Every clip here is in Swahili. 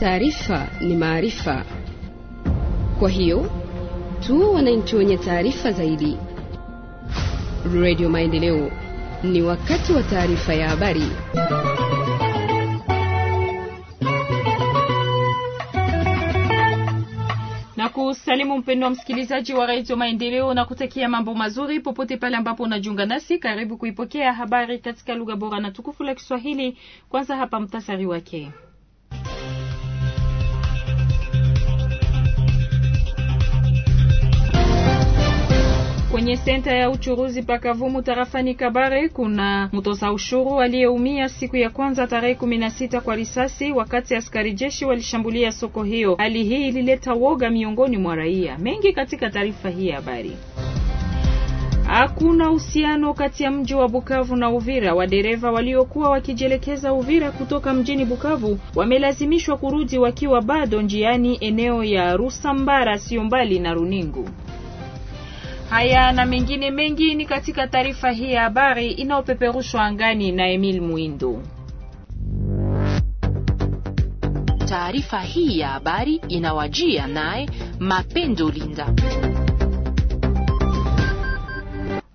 Taarifa ni maarifa, kwa hiyo tu wananchi wenye taarifa zaidi. Redio Maendeleo, ni wakati wa taarifa ya habari. na kusalimu mpendo wa msikilizaji wa redio Maendeleo na kutakia mambo mazuri popote pale ambapo unajiunga nasi. Karibu kuipokea habari katika lugha bora na tukufu la Kiswahili. Kwanza hapa mtasari wake. Kwenye senta ya uchuruzi Pakavumu tarafani Kabare kuna mtoza ushuru aliyeumia siku ya kwanza tarehe 16 kwa risasi wakati askari jeshi walishambulia soko hiyo. Hali hii ilileta woga miongoni mwa raia. Mengi katika taarifa hii ya habari. Hakuna uhusiano kati ya mji wa Bukavu na Uvira. Wadereva waliokuwa wakijielekeza Uvira kutoka mjini Bukavu wamelazimishwa kurudi wakiwa bado njiani, eneo ya Rusambara, sio mbali na Runingu. Haya na mengine mengi ni katika taarifa hii ya habari inayopeperushwa angani na Emil muindo Taarifa hii ya habari inawajia naye Mapendo Linda.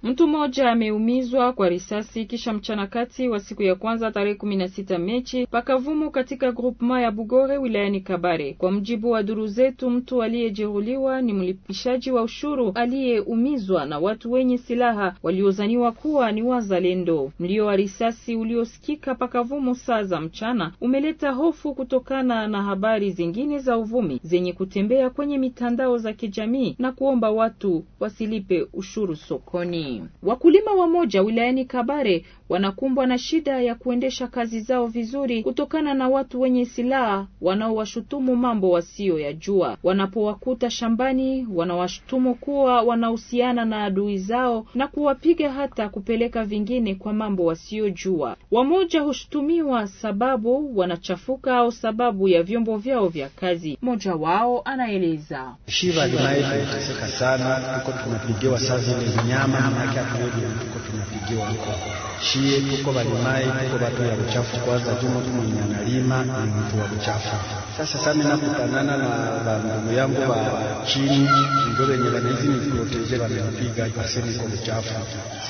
Mtu mmoja ameumizwa kwa risasi kisha mchana kati wa siku ya kwanza tarehe 16 Mechi pakavumu katika groupement ya Bugore wilayani Kabare. Kwa mjibu wa duru zetu, mtu aliyejeruhiwa ni mlipishaji wa ushuru aliyeumizwa na watu wenye silaha waliozaniwa kuwa ni wazalendo. Mlio wa risasi uliosikika pakavumu saa za mchana umeleta hofu kutokana na habari zingine za uvumi zenye kutembea kwenye mitandao za kijamii na kuomba watu wasilipe ushuru sokoni. Wakulima wamoja wilayani Kabare wanakumbwa na shida ya kuendesha kazi zao vizuri kutokana na watu wenye silaha wanaowashutumu mambo wasiyoyajua. Wanapowakuta shambani, wanawashutumu kuwa wanahusiana na adui zao na kuwapiga hata kupeleka vingine kwa mambo wasiyojua. Wamoja hushutumiwa sababu wanachafuka au sababu ya vyombo vyao vya kazi. Mmoja wao anaeleza: shiva limaiteseka sana, tuko tunapigiwa saa zile maanake hatuwezi tuko tunapigiwa huko. Shie tuko balimai tuko batu ya uchafu. kwanza jumu tu mwenye analima ni mtu wa buchafu. Sasa sana nakutanana na bandugu yangu ba chini ndio wenye banizi ni proteje banipiga kwa sema kwa buchafu.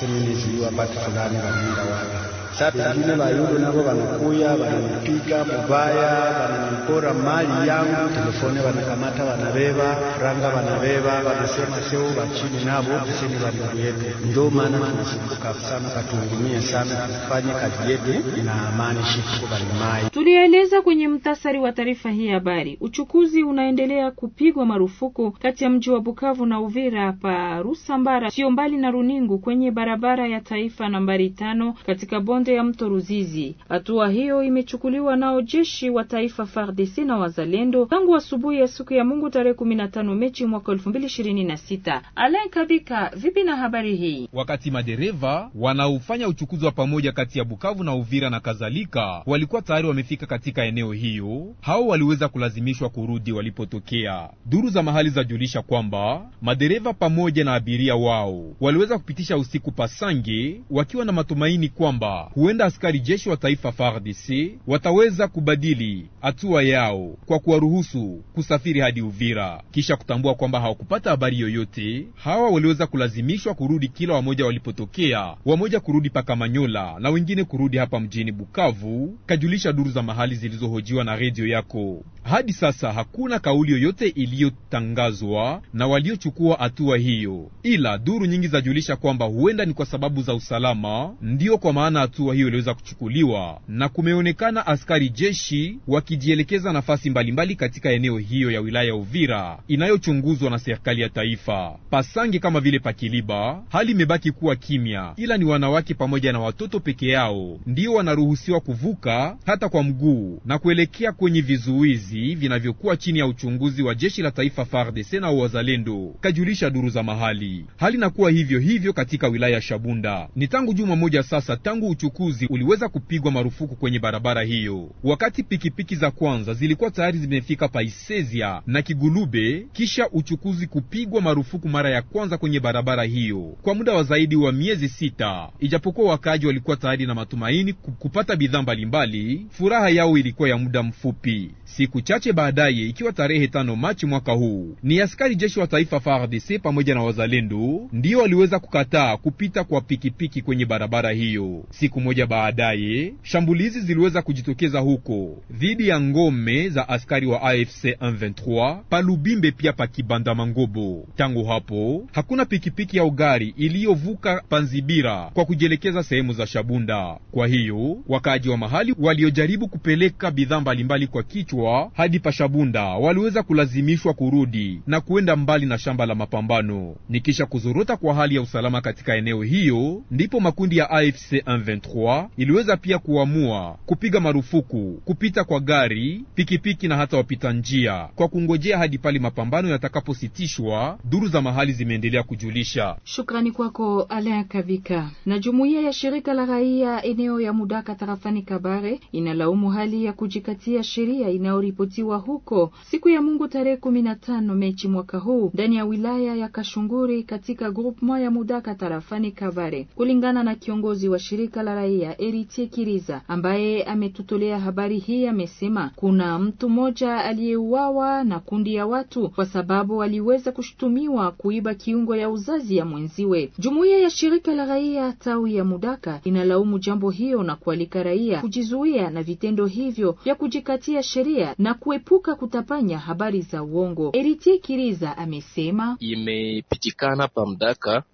Sema ni batu fulani banaenda wapi? Sasa wengine Bayudo nabo wanakuya wananipika mubaya, wananipora mali yangu, telefone wanakamata, wanabeba franga, wanabeba wanasema sio wachini nabo sisi ni ndugu yetu. Ndio maana tunasumbuka sana, katuhurumie sana, tufanye kazi yetu na amani. Shiku balimai tulieleza kwenye mtasari wa taarifa hii habari. Uchukuzi unaendelea kupigwa marufuku kati ya mji wa Bukavu na Uvira hapa Rusambara, sio mbali na Runingu kwenye barabara ya taifa nambari tano katika bonde bonde ya mto Ruzizi. Hatua hiyo imechukuliwa nao jeshi wa taifa FARDC na wazalendo tangu asubuhi wa ya siku ya Mungu tarehe 15 Mechi mwaka 2026. Alain Kabika, vipi na habari hii? Wakati madereva wanaofanya uchukuzi wa pamoja kati ya Bukavu na Uvira na kadhalika walikuwa tayari wamefika katika eneo hiyo, hao waliweza kulazimishwa kurudi walipotokea. Duru za mahali zajulisha kwamba madereva pamoja na abiria wao waliweza kupitisha usiku Pasange wakiwa na matumaini kwamba huenda askari jeshi wa taifa FARDC wataweza kubadili hatua yao kwa kuwaruhusu kusafiri hadi Uvira, kisha kutambua kwamba hawakupata habari yoyote. Hawa waliweza kulazimishwa kurudi kila wamoja walipotokea, wamoja kurudi paka Manyola na wengine kurudi hapa mjini Bukavu, kajulisha duru za mahali zilizohojiwa na redio yako. Hadi sasa hakuna kauli yoyote iliyotangazwa na waliochukua hatua hiyo, ila duru nyingi zajulisha kwamba huenda ni kwa sababu za usalama, ndiyo kwa maana hatua hatua hiyo iliweza kuchukuliwa na kumeonekana askari jeshi wakijielekeza nafasi mbalimbali katika eneo hiyo ya wilaya ya Uvira inayochunguzwa na serikali ya taifa. Pasange kama vile Pakiliba, hali imebaki kuwa kimya, ila ni wanawake pamoja na watoto peke yao ndio wanaruhusiwa kuvuka hata kwa mguu na kuelekea kwenye vizuizi vinavyokuwa chini ya uchunguzi wa jeshi la taifa FARDC na wazalendo, kajulisha duru za mahali. Hali inakuwa hivyo hivyo katika wilaya ya Shabunda ni tangu juma moja sasa tangu uchukuzi uliweza kupigwa marufuku kwenye barabara hiyo. Wakati pikipiki za kwanza zilikuwa tayari zimefika Paisezia na Kigulube, kisha uchukuzi kupigwa marufuku mara ya kwanza kwenye barabara hiyo kwa muda wa zaidi wa miezi sita. Ijapokuwa wakaaji walikuwa tayari na matumaini kupata bidhaa mbalimbali, furaha yao ilikuwa ya muda mfupi. Siku chache baadaye, ikiwa tarehe tano Machi mwaka huu, ni askari jeshi wa taifa FARDC pamoja na wazalendo ndio waliweza kukataa kupita kwa pikipiki kwenye barabara hiyo siku siku moja baadaye, shambulizi ziliweza kujitokeza huko dhidi ya ngome za askari wa AFC M23 Palubimbe pia pa Kibanda Mangobo. Tangu hapo hakuna pikipiki au gari iliyovuka Panzibira kwa kujielekeza sehemu za Shabunda. Kwa hiyo wakaaji wa mahali waliojaribu kupeleka bidhaa mbalimbali kwa kichwa hadi Pashabunda waliweza kulazimishwa kurudi na kuenda mbali na shamba la mapambano. Ni kisha kuzorota kwa hali ya usalama katika eneo hiyo ndipo makundi ya AFC M23 23 iliweza pia kuamua kupiga marufuku kupita kwa gari, pikipiki piki na hata wapita njia kwa kungojea hadi pale mapambano yatakapositishwa, duru za mahali zimeendelea kujulisha. Shukrani kwako Alain Kavika. Na jumuiya ya shirika la raia eneo ya Mudaka tarafani Kabare inalaumu hali ya kujikatia sheria inayoripotiwa huko siku ya Mungu tarehe 15 Mechi mwaka huu ndani ya wilaya ya Kashunguri katika groupement ya Mudaka tarafani Kabare, kulingana na kiongozi wa shirika la raia Eritie Kiriza ambaye ametutolea habari hii amesema kuna mtu mmoja aliyeuawa na kundi ya watu kwa sababu aliweza kushutumiwa kuiba kiungo ya uzazi ya mwenziwe. Jumuiya ya shirika la raia tawi ya Mudaka inalaumu jambo hiyo na kualika raia kujizuia na vitendo hivyo vya kujikatia sheria na kuepuka kutapanya habari za uongo. Eritie Kiriza amesema imepitikana pa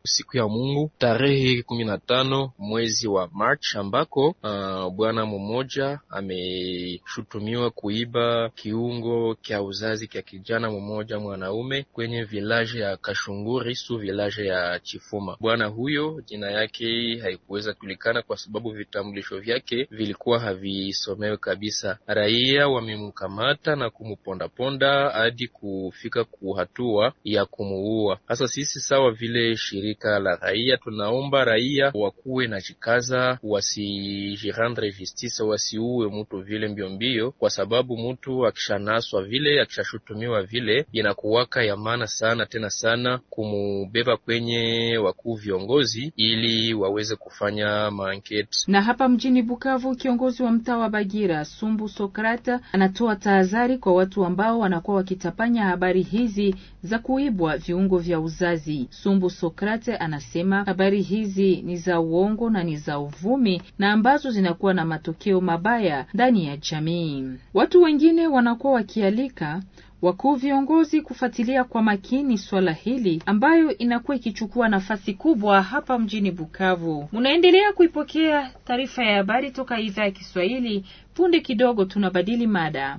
siku ya Mungu tarehe kumi na tano mwezi wa Mar March ambako uh, bwana mmoja ameshutumiwa kuiba kiungo kya uzazi kya kijana mmoja mwanaume kwenye village ya Kashunguri su village ya Chifuma. Bwana huyo jina yake haikuweza kulikana kwa sababu vitambulisho vyake vilikuwa havisomewe kabisa. Raia wamemkamata na kumpondaponda hadi kufika kuhatua ya kumuua. Sasa sisi sawa vile shirika la raia tunaomba raia wakuwe na chikaza wasijirendre justice, wasiuwe mtu vile mbio mbio, kwa sababu mtu akishanaswa vile akishashutumiwa vile inakuwaka ya maana sana tena sana kumubeba kwenye wakuu viongozi ili waweze kufanya maanketi. Na hapa mjini Bukavu, kiongozi wa mtaa wa Bagira Sumbu Sokrata anatoa tahadhari kwa watu ambao wanakuwa wakitapanya habari hizi za kuibwa viungo vya uzazi. Sumbu Sokrate anasema habari hizi ni za uongo na ni za uvu mume na ambazo zinakuwa na matokeo mabaya ndani ya jamii. Watu wengine wanakuwa wakialika wakuu viongozi kufuatilia kwa makini swala hili ambayo inakuwa ikichukua nafasi kubwa hapa mjini Bukavu. Munaendelea kuipokea taarifa ya habari toka idhaa ya Kiswahili. Punde kidogo tunabadili mada.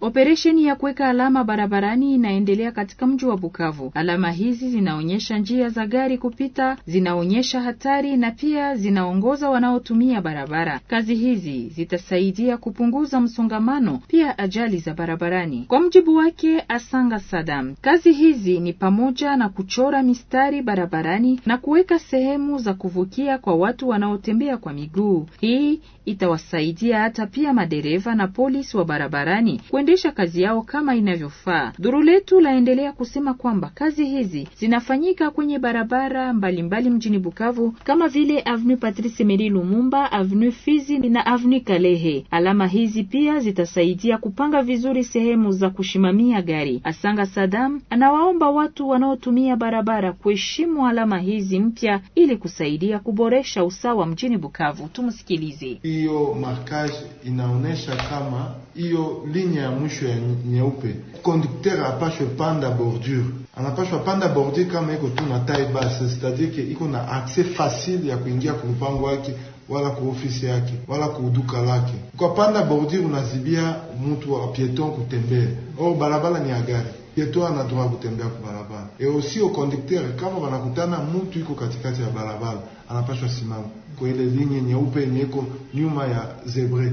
Operesheni ya kuweka alama barabarani inaendelea katika mji wa Bukavu. Alama hizi zinaonyesha njia za gari kupita, zinaonyesha hatari na pia zinaongoza wanaotumia barabara. Kazi hizi zitasaidia kupunguza msongamano, pia ajali za barabarani. Kwa mjibu wake Asanga Sadam, kazi hizi ni pamoja na kuchora mistari barabarani na kuweka sehemu za kuvukia kwa watu wanaotembea kwa miguu. Hii itawasaidia hata pia madereva na polisi wa barabarani Kwen kuendesha kazi yao kama inavyofaa. Dhuru letu laendelea kusema kwamba kazi hizi zinafanyika kwenye barabara mbalimbali mbali mjini Bukavu kama vile Avenue Patrice Emery Lumumba, Avenue Fizi na Avenue Kalehe. Alama hizi pia zitasaidia kupanga vizuri sehemu za kushimamia gari. Asanga Sadam anawaomba watu wanaotumia barabara kuheshimu alama hizi mpya ili kusaidia kuboresha usawa mjini Bukavu. Tumsikilize. Hiyo markaji inaonyesha kama hiyo linya mwisho nyeupe. Conducteur Kondukter pas panda bordure, pas panda bordure kama iko tu na tai basi, c'est-à-dire que iko na accès facile ya kuingia ku mpango wake wala ku ofisi yake wala ku duka lake. Kwa panda bordure unazibia mtu wa pieton kutembea, au barabara ni agari. gari ana droit kutembea kwa barabara. Et aussi au conducteur, kama wanakutana mtu iko katikati ya barabara, anapashwa simama kwa ile linye nyeupe nyeko nyuma ya zebre,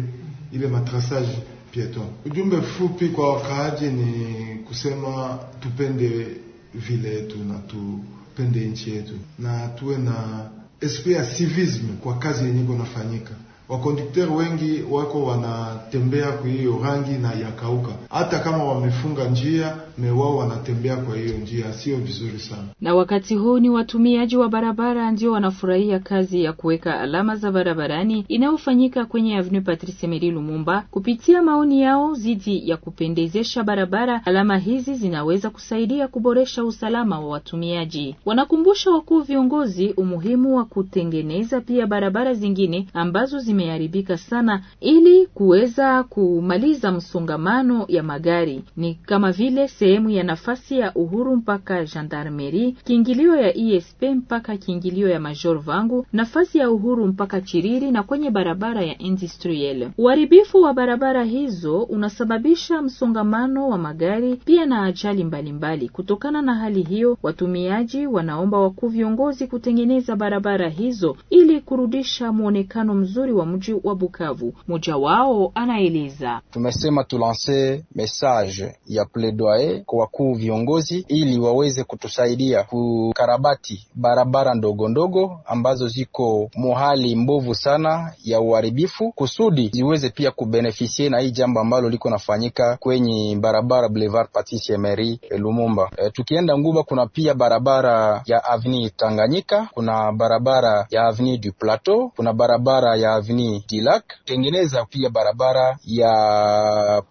ile matrasage pieton. Ujumbe fupi kwa wakaaji ni kusema tupende vile yetu na tupende nchi yetu na tuwe na esprit ya civisme kwa kazi yenye kunafanyika. Wakondukter wengi wako wanatembea kwa hiyo rangi na yakauka, hata kama wamefunga njia na wao wanatembea kwa hiyo njia, sio vizuri sana. Na wakati huu ni watumiaji wa barabara ndio wanafurahia kazi ya kuweka alama za barabarani inayofanyika kwenye Avenue Patrice Emery Lumumba. Kupitia maoni yao dhidi ya kupendezesha barabara, alama hizi zinaweza kusaidia kuboresha usalama wa watumiaji. Wanakumbusha wakuu viongozi umuhimu wa kutengeneza pia barabara zingine ambazo zimeharibika sana ili kuweza kumaliza msongamano ya magari, ni kama vile sehemu ya nafasi ya uhuru mpaka gendarmerie, kiingilio ya ISP e mpaka kiingilio ya Major Vangu, nafasi ya uhuru mpaka Chiriri na kwenye barabara ya Industriel. Uharibifu wa barabara hizo unasababisha msongamano wa magari pia na ajali mbalimbali mbali. Kutokana na hali hiyo, watumiaji wanaomba wakuu viongozi kutengeneza barabara hizo ili kurudisha mwonekano mzuri wa mji wa Bukavu. Mmoja wao anaeleza, tumesema tulanse message ya plaidoyer wakuu viongozi, ili waweze kutusaidia kukarabati barabara ndogo ndogo ambazo ziko muhali mbovu sana ya uharibifu, kusudi ziweze pia kubenefisie na hii jambo ambalo liko nafanyika kwenye barabara Boulevard Patrice Emery eh, Lumumba. E, tukienda Nguba kuna pia barabara ya Avenue Tanganyika, kuna barabara ya Avenue du Plateau, kuna barabara ya Avenue Dilac, tengeneza pia barabara ya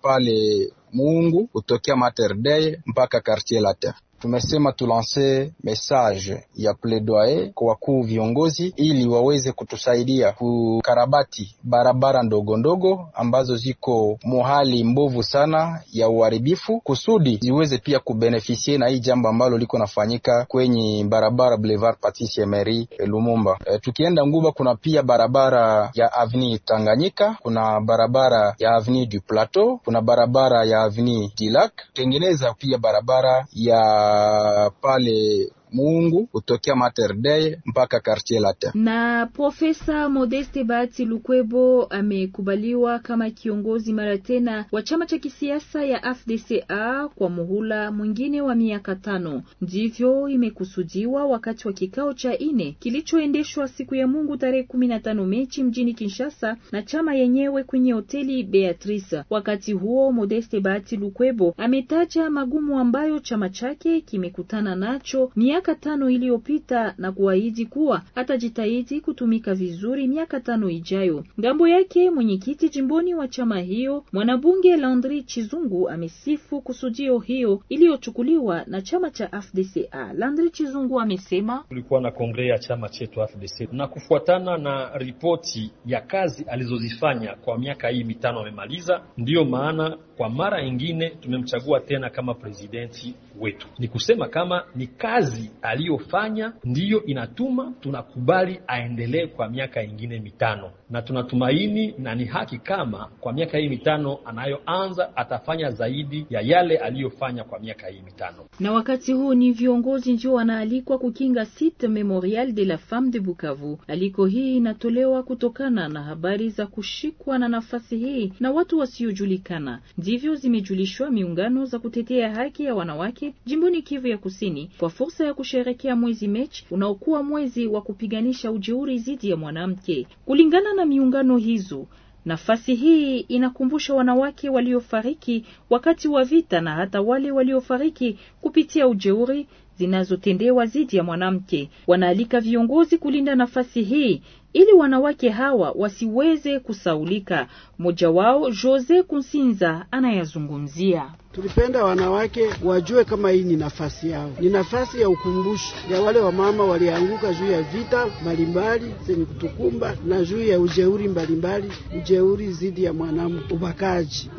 pale Mungu kutokea Mater Dei mpaka Quartier Latin tumesema tulanse message ya pledoyer kwa wakuu viongozi, ili waweze kutusaidia kukarabati barabara ndogo ndogo ambazo ziko muhali mbovu sana ya uharibifu, kusudi ziweze pia kubenefisie na hii jambo ambalo liko nafanyika kwenye barabara Boulevard Patrice Emery eh, Lumumba. E, tukienda Nguba kuna pia barabara ya Avenue Tanganyika, kuna barabara ya Avenue du Plateau, kuna barabara ya Avenue Dilac, tengeneza pia barabara ya Uh, pale Mungu kutokea Mater Dei mpaka Quartier Latin. Na Profesa Modeste Bahati Lukwebo amekubaliwa kama kiongozi mara tena wa chama cha kisiasa ya FDCA kwa muhula mwingine wa miaka tano. Ndivyo imekusudiwa wakati wa kikao cha ine kilichoendeshwa siku ya Mungu tarehe 15 mechi mjini Kinshasa na chama yenyewe kwenye hoteli Beatrice. Wakati huo Modeste Bahati Lukwebo ametaja magumu ambayo chama chake kimekutana nacho miaka miaka tano iliyopita na kuahidi kuwa atajitahidi kutumika vizuri miaka tano ijayo. Ngambo yake mwenyekiti jimboni wa chama hiyo mwanabunge landri Chizungu amesifu kusudio hiyo iliyochukuliwa na chama cha FDCA. Landri Chizungu amesema kulikuwa na kongre ya chama chetu FDC na kufuatana na ripoti ya kazi alizozifanya kwa miaka hii mitano amemaliza, ndiyo maana kwa mara ingine tumemchagua tena kama presidenti wetu. Ni kusema kama ni kazi aliyofanya ndiyo inatuma tunakubali aendelee kwa miaka ingine mitano, na tunatumaini na ni haki kama kwa miaka hii mitano anayoanza atafanya zaidi ya yale aliyofanya kwa miaka hii mitano. Na wakati huu ni viongozi ndio wanaalikwa kukinga site Memorial de la Femme de Bukavu. Aliko hii inatolewa kutokana na habari za kushikwa na nafasi hii na watu wasiojulikana, ndivyo zimejulishwa miungano za kutetea haki ya wanawake jimboni Kivu ya Kusini kwa fursa ya kusherekea mwezi Mechi unaokuwa mwezi wa kupiganisha ujeuri dhidi ya mwanamke. Kulingana na miungano hizo, nafasi hii inakumbusha wanawake waliofariki wakati wa vita na hata wale waliofariki kupitia ujeuri zinazotendewa dhidi ya mwanamke. Wanaalika viongozi kulinda nafasi hii ili wanawake hawa wasiweze kusaulika. Mmoja wao Jose Kunsinza anayazungumzia. Tulipenda wanawake wajue kama hii ni nafasi yao, ni nafasi ya ukumbusho ya wale wamama walianguka juu ya vita mbalimbali zenye kutukumba na juu ya ujeuri mbalimbali, ujeuri zidi ya mwanamu, ubakaji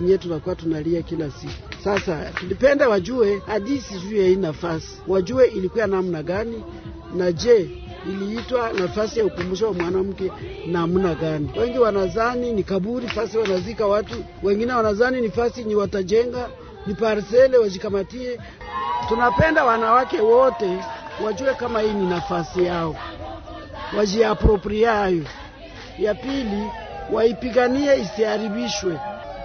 inye tunakuwa tunalia kila siku. Sasa tulipenda wajue hadithi juu ya hii nafasi, wajue ilikuwa namna gani na je iliitwa nafasi ya ukumbusho wa mwanamke namna gani. Wengi wanazani ni kaburi fasi wanazika watu, wengine wanazani ni fasi ni watajenga ni parsele wajikamatie. Tunapenda wanawake wote wajue kama hii ni nafasi yao, wajiapropriayo Ya pili waipiganie isiharibishwe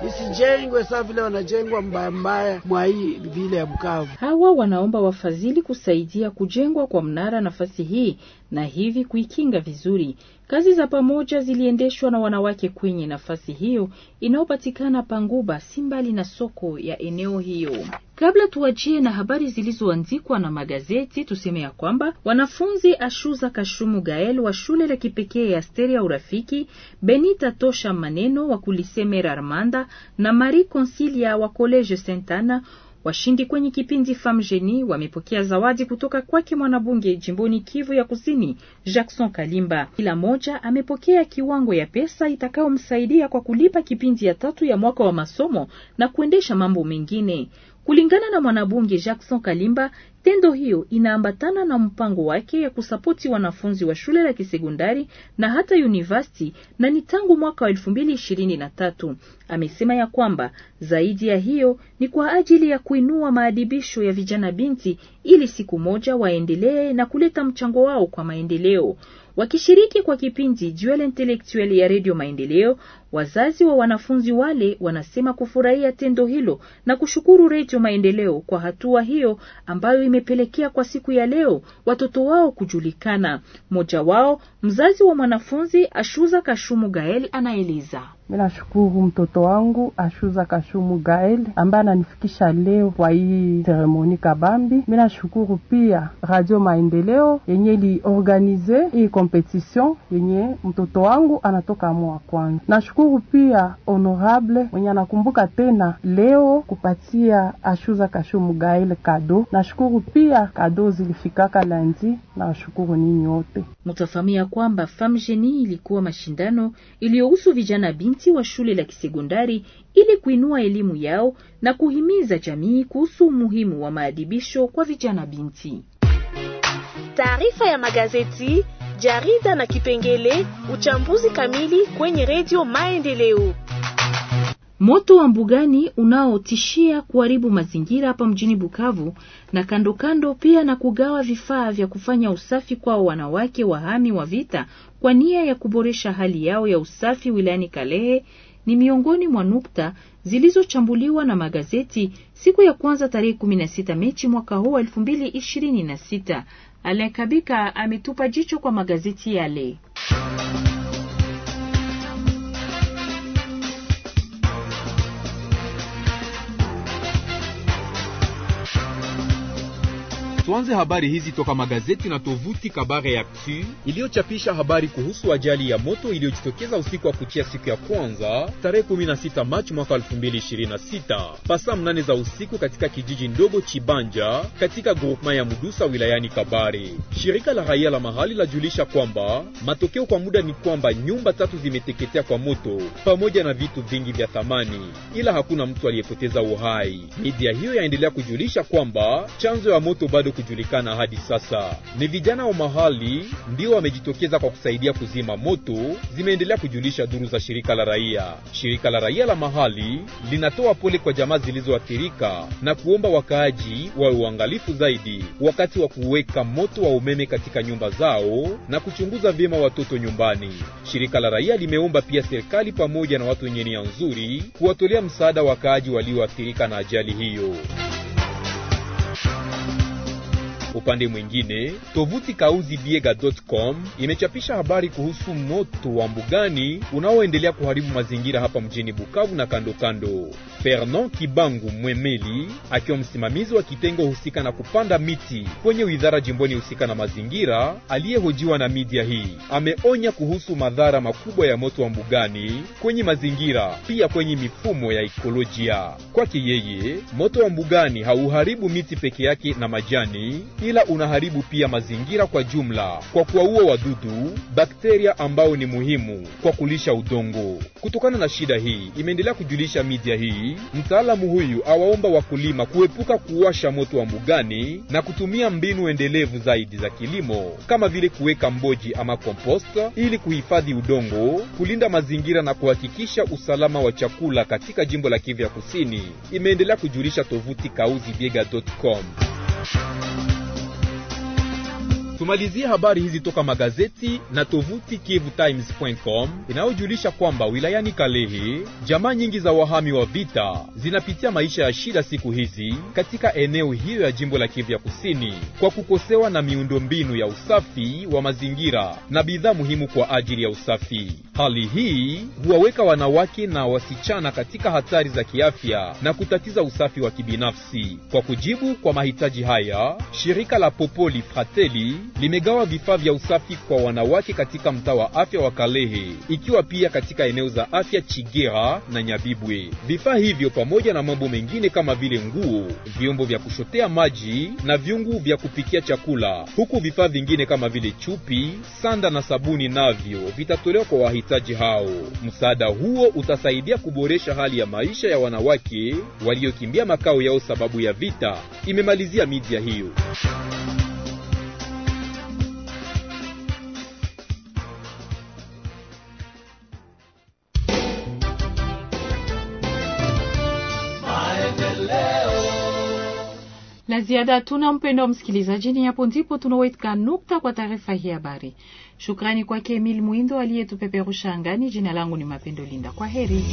isijengwe saa vile wanajengwa mbaya mbaya mwa hii vile ya Bukavu. Hawa wanaomba wafadhili kusaidia kujengwa kwa mnara nafasi hii na hivi kuikinga vizuri. Kazi za pamoja ziliendeshwa na wanawake kwenye nafasi hiyo inayopatikana Panguba, si mbali na soko ya eneo hiyo. Kabla tuachie na habari zilizoandikwa na magazeti, tuseme ya kwamba wanafunzi Ashuza Kashumu Gael wa shule la kipekee ya Steria ya Urafiki, Benita Tosha Maneno wa Kulisemera Armanda na Marie Consilia wa College Santana washindi kwenye kipindi Famgeni wamepokea zawadi kutoka kwake mwanabunge jimboni Kivu ya Kusini, Jackson Kalimba. Kila moja amepokea kiwango ya pesa itakayomsaidia kwa kulipa kipindi ya tatu ya mwaka wa masomo na kuendesha mambo mengine. Kulingana na mwanabunge Jackson Kalimba, tendo hiyo inaambatana na mpango wake ya kusapoti wanafunzi wa shule la kisekondari na hata university na ni tangu mwaka wa tatu. Amesema ya kwamba zaidi ya hiyo ni kwa ajili ya kuinua maadibisho ya vijana binti ili siku moja waendelee na kuleta mchango wao kwa maendeleo. Wakishiriki kwa kipindi Jewel Intellectuel ya Redio Maendeleo, wazazi wa wanafunzi wale wanasema kufurahia tendo hilo na kushukuru Redio Maendeleo kwa hatua hiyo ambayo imepelekea kwa siku ya leo watoto wao kujulikana. Mmoja wao mzazi wa mwanafunzi Ashuza Kashumu Gael anaeleza. Mimi nashukuru mtoto wangu Ashuza Kashumu Gael ambaye ananifikisha leo kwa hii seremoni kabambi. Mimi nashukuru pia Radio Maendeleo yenye liorganize hii competition yenye mtoto wangu anatoka mwa kwanza. Nashukuru pia honorable mwenye anakumbuka tena leo kupatia Ashuza Kashumu Gael kado. Nashukuru pia kado zilifikaka lanzi. washukuru ninyi wote. Mtafahamia kwamba famgeni ilikuwa mashindano iliyohusu vijana bingi wananchi wa shule la kisekondari ili kuinua elimu yao na kuhimiza jamii kuhusu umuhimu wa maadibisho kwa vijana binti. Taarifa ya magazeti, jarida na kipengele uchambuzi kamili kwenye redio Maendeleo. Moto wa mbugani unaotishia kuharibu mazingira hapa mjini Bukavu na kando kando, pia na kugawa vifaa vya kufanya usafi kwa wanawake wahami wa vita kwa nia ya kuboresha hali yao ya usafi wilayani Kalehe ni miongoni mwa nukta zilizochambuliwa na magazeti siku ya kwanza tarehe 16 Mechi mwaka huu 2026. Alain Kabika ametupa jicho kwa magazeti yale. Tuanze habari hizi toka magazeti na tovuti Kabare ya Actu iliyochapisha habari kuhusu ajali ya moto iliyojitokeza usiku wa kutia siku ya kwanza tarehe 16 Machi mwaka 2026 pasa mnane za usiku katika kijiji ndogo Chibanja katika grupma ya Mudusa wilayani Kabare. Shirika la raia la mahali lajulisha kwamba matokeo kwa muda ni kwamba nyumba tatu zimeteketea kwa moto pamoja na vitu vingi vya thamani, ila hakuna mtu aliyepoteza uhai. Media hiyo yaendelea kujulisha kwamba chanzo ya moto bado kujulikana hadi sasa. Ni vijana wa mahali ndio wamejitokeza kwa kusaidia kuzima moto, zimeendelea kujulisha duru za shirika la raia. Shirika la raia la mahali linatoa pole kwa jamaa zilizoathirika na kuomba wakaaji wawe uangalifu zaidi wakati wa kuweka moto wa umeme katika nyumba zao na kuchunguza vyema watoto nyumbani. Shirika la raia limeomba pia serikali pamoja na watu wenye nia nzuri kuwatolea msaada wakaaji walioathirika na ajali hiyo. Upande mwingine, tovuti kauzi biega.com imechapisha habari kuhusu moto wa mbugani unaoendelea kuharibu mazingira hapa mjini Bukavu na kando kando. Fernand Kibangu Mwemeli akiwa msimamizi wa kitengo husika na kupanda miti kwenye wizara jimboni husika na mazingira, aliyehojiwa na media hii, ameonya kuhusu madhara makubwa ya moto wa mbugani kwenye mazingira, pia kwenye mifumo ya ekolojia. Kwake yeye, moto wa mbugani hauharibu miti peke yake na majani ila unaharibu pia mazingira kwa jumla kwa kuwaua wadudu, bakteria ambao ni muhimu kwa kulisha udongo. Kutokana na shida hii, imeendelea kujulisha media hii, mtaalamu huyu awaomba wakulima kuepuka kuwasha moto wa mbugani na kutumia mbinu endelevu zaidi za kilimo kama vile kuweka mboji ama compost ili kuhifadhi udongo, kulinda mazingira na kuhakikisha usalama wa chakula katika jimbo la Kivu ya Kusini, imeendelea kujulisha tovuti kauzibiega.com. Tumalizie habari hizi toka magazeti na tovuti kivutimes.com inayojulisha kwamba wilayani Kalehe jamaa nyingi za wahami wa vita zinapitia maisha ya shida siku hizi katika eneo hiyo ya jimbo la Kivu ya Kusini kwa kukosewa na miundombinu ya usafi wa mazingira na bidhaa muhimu kwa ajili ya usafi. Hali hii huwaweka wanawake na wasichana katika hatari za kiafya na kutatiza usafi wa kibinafsi. Kwa kujibu kwa mahitaji haya, shirika la Popoli Frateli limegawa vifaa vya usafi kwa wanawake katika mtaa wa afya wa Kalehe, ikiwa pia katika eneo za afya Chigera na Nyabibwe. Vifaa hivyo pamoja na mambo mengine kama vile nguo, vyombo vya kushotea maji na vyungu vya kupikia chakula, huku vifaa vingine kama vile chupi, sanda na sabuni navyo vitatolewa kwa wahitaji hao. Msaada huo utasaidia kuboresha hali ya maisha ya wanawake waliokimbia makao yao sababu ya vita, imemalizia media hiyo. ziada tuna mpendo wa msikilizaji, ni hapo ndipo tunaweka nukta kwa taarifa hii habari. Shukrani kwake Emil Mwindo aliyetupeperusha angani. Jina langu ni Mapendo Linda, kwa heri.